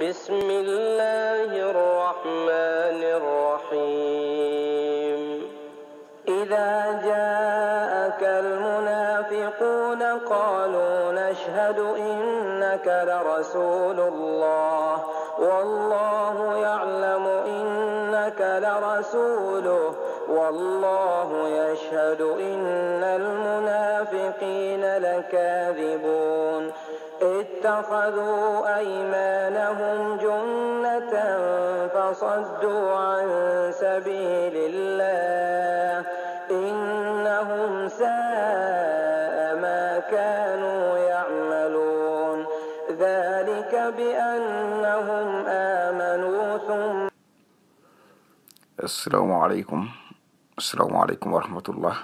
بسم الله الرحمن الرحيم إذا جاءك المنافقون قالوا نشهد إنك لرسول الله والله يعلم إنك لرسوله والله يشهد إن المنافقين لكاذبون اتخذوا أيمانهم جنة فصدوا عن سبيل الله إنهم ساء ما كانوا يعملون ذلك بأنهم آمنوا ثم السلام عليكم السلام عليكم ورحمة الله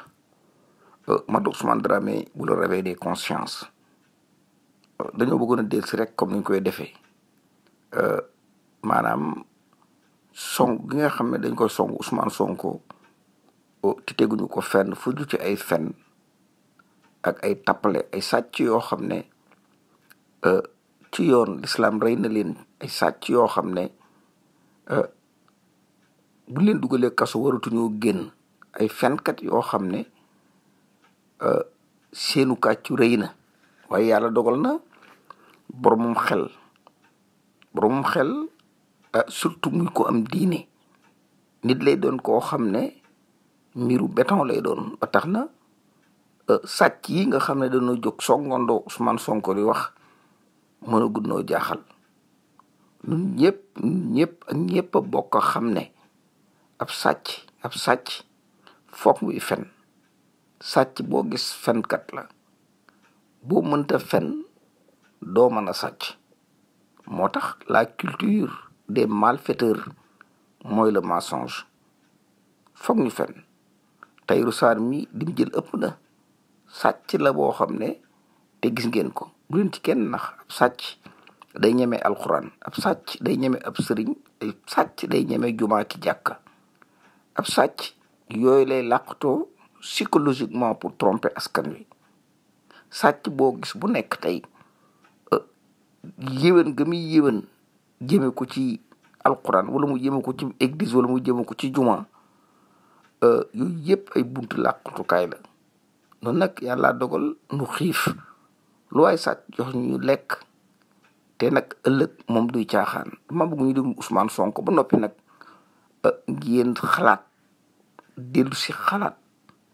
Maddox Mandrame vous le réveil des consciences. dañoo bëggoon a dellu si rek comme ni ñu koy defee euh, maanaam song gi nga xam ne dañ koy song Ousmane Sonko oh, te teguñu ko fenn fu ju ci ay fen ak ay tappale ay sàcc yoo xam ne euh, ci yoon lislaam rey na leen ay sàcc yoo xam ne euh, bu leen dugalee kaso waratuñoo génn ay fenkat yoo xam ne seenu kàccu rëy na waaye yàlla dogal na boromam xel boromam xel ah, surtout muy ko am diine nit lay doon koo xam ne mbiru béton lay doon ba tax na ah, sàcc yi nga xam ne dañoo jóg songandoo Ousmane Sonko di wax mën a guddnoo jaaxal ñun ñëpp ñëpp ak ñëpp a bokk xam ne ab sàcc ab sàcc foog muy fen sàcc boo gis fenkat la boo mënta fen doo mën a sàcc moo tax la culture des malfaiteurs mooy le mensonge foog ñu fen Tahirou Sarr mi lim jël ëpp na sàcc la boo xam ne te gis ngeen ko bu leen kenn nax ab sàcc day ñeme alxuraan ab sàcc day ñeme ab sëriñ ab sàcc day ñeme jumaa ki ab sàcc yooyu lay làqatoo psychologiquement pour tromper askan wi sàcc boo gis bu nekk tey euh, yéwén ga muy yéwén jëme ko ci alquran wala mu jëme ko ci église wala mu jëme ko ci juma euh, yooyu yëpp ay buntu làqatukaay la noonu nag yàlla dogal nu xiif lu waay sàcc jox ñu lekk te nag ëllëg moom duy caaxaan dama bëgg ñu dem Ousmane Sonko ba noppi nag euh, ngeen xalaat dellusi xalaat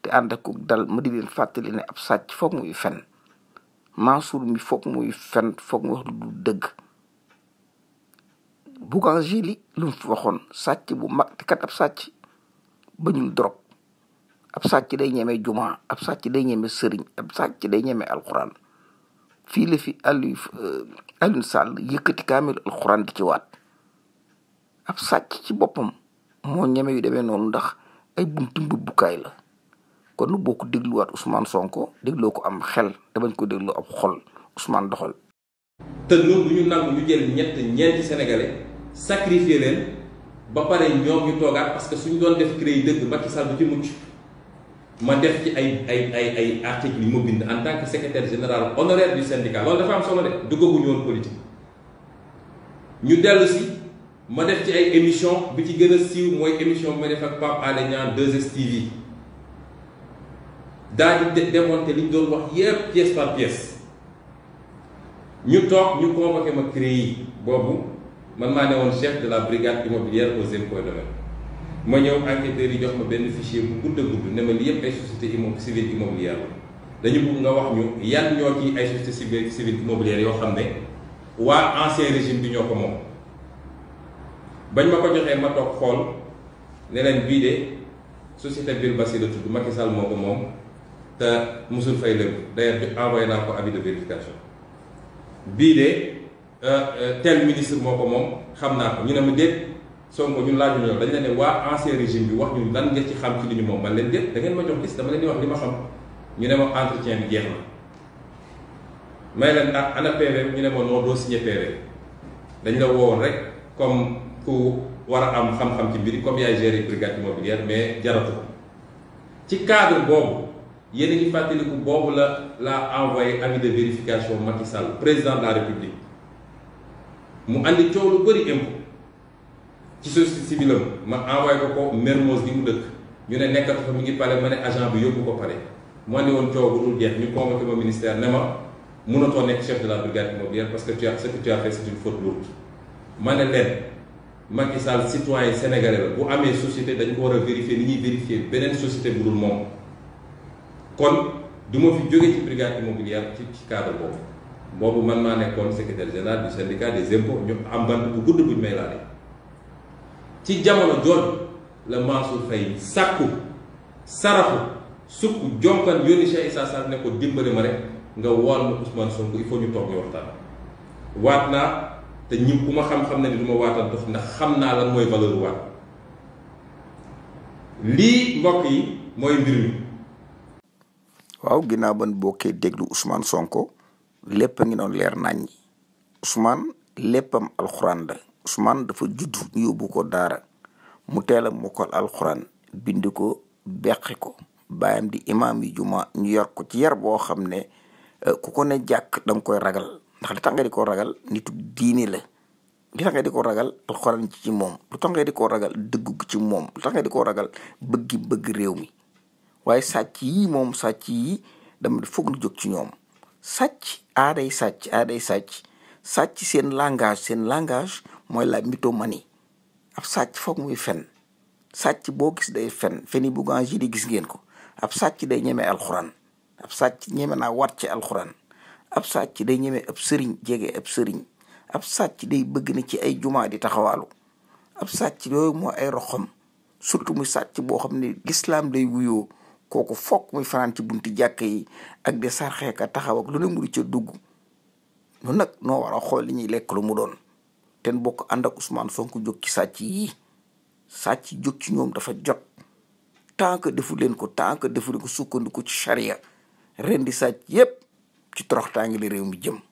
te ànd ak dal ma di leen fàttali ne ab sàcc foog muy fen Mansour mi foog muy fen foog mu lu dëgg Bougazelli lu mu fi waxoon sàcc bu mag te kat ab sàcc bañul drog ab sàcc day ñeme juma ab sàcc day ñeme sëriñ ab sàcc day ñeme alxuraan fii la fi Aliou euh, Aliou Sall yëkkati kaamil alxuraan di ci waat ab sàcc ci boppam moo ñeme yu demee noonu ndax ay buntu mbubbukaay la kon lu boo ko dégluwaat Ousmane Sonko dégloo ko am xel te bañ ko dégloo ab xol Ousmane doxal. te loolu du ñu nangu ñu jël ñett ñeenti sénégalais sacrifier leen ba pare ñoom ñu toogaat parce que suñ doon def créé dëgg Macky Sall du ci mucc ma def ci ay ay ay ay articles yu ma bind en tant que secrétaire général honoraire du syndicat loolu dafa am solo de duggaguñu woon politique ñu dellu si. ma def ci ay émission bi ci gën a siiw mooy émission bi ma def ak Pape Alé Niang daal demoon démonter li ñu doon wax yépp pièce par pièce ñu toog ñu ko convoqué ma yi boobu man maa ne woon chef de la brigade immobilière o impôts et domaines ma ñëw enquêteurs yi jox ma benn fichier bu gudd a gudd ne ma li yépp ay société immo civile immobilière la dañu bëgg nga wax ñu yan ñoo ci ay société civile civile immobilière yoo xam ne waa ancien régime bi ñoo ko moom bañ ma ko joxee ma toog xool ne leen bii de société biir basi la tudd ma Sall moo ko moom te mosul fay lépp d'ailleurs envoyé naa ko avis de vérification bii de euh, euh, tel ministre moo ko moom xam naa ko ñu ne ma déet Sonko ñun laajuñu yow dañ la ne waa ancien régime bi wax ñu lan nga ci xam ci li ñu moom man leen déet da ngeen ma jox liste dama leen di wax li ma xam ñu ne ma entretien bi jeex na may leen ana PV ñu ne ma non doo signé PV dañ la woowoon rek comme ku war a am xam-xam ci mbiri comme yaay géré brigade immobilière mais jaratu boobu. yéen a ngi fàttaliku boobu la envoyé avis de vérification Macky Sall président de la république mu andi coow lu bëri impôt ci société civile am ma envoyé ko ko Mermoz gi mu dëkk ñu ne nekkatu fa mi ngi pare ma ne agent bi parler. ko nous mu andi woon coow bu dul jeex ñu convoqué ma ministère ne ma mënatoo nekk chef de la brigade immobilière parce que tu as ce que tu as fait c'est une faute lourde ma ne leen Macky Sall citoyen sénégalais vous bu une société dañ ko war vérifié, vérifier ni vérifier beneen société bu dul moom. kon du ma fi jóge ci brigade immobilière ci ci cadre boobu boobu man maa nekkoon secrétaire général du syndicat des impôts ñu am bant bu gudd buñ may laale ci jamono jooju la Mansour Faye sàkku sarafu sukk jonkan yónni Cheikh Issa Sall ne ko dimbali ma rek nga wool ma Ousmane Sonko il faut ñu toog ñu waxtaan waat naa te ñi ku ma xam-xam ne ni du ma waatal dox ndax xam naa lan mooy valeur waat lii mbokk yi mooy mbir mi waaw ginnaaw ban bokke déglu Ousmane Sonko lépp ngi noon leer nañ Ousmane léppam alxuraan la Ousmane dafa judd ñu yóbbu ko daara mu teel a mokkal alxuraan bind ko beqi ko di imaam yi juma ñu yor ko ci yar boo xam ne eh, ku ko ne jàkk da koy ragal ndax li nga di ko ragal nitu diini la li nga di ko ragal alxuraan ci ci moom lu tax nga di ko ragal dëggu ci moom lu tax nga di ko ragal bëggi bëgg réew mi waaye sàcc yi moom sàcc yi dama foog nu jóg ci ñoom sàcc aaday sàcc aaday sàcc sàcc seen langage seen langage mooy la mani ab sàcc foog muy fen sàcc boo gis day fen feni Bougainville di gis ngeen ko ab sàcc day ñeme alxuraan ab sàcc ñeme naa wat ci alxuraan ab sàcc day ñeme ab sëriñ jege ab sëriñ ab sàcc day bëgg na ci ay jumaa di taxawaalu ab sàcc yooyu moo ay roxam surtout mu sàcc boo xam ne lislaam day wuyoo kooku fokk muy fanaan ci bunti jàkka yi ak di sarxeeka taxawak lu ne mu ca dugg nu nag noo war a li ñuy lekk lu mu doon ten bokk ànd ak Ousmane Sonko jóg ci sàcc yi sàcc jóg ci ñoom dafa jot tant que defu leen ko tant que defu ko sukkandiku ci charia ren di sàcc yépp ci toroxtaangi la réew mi jëm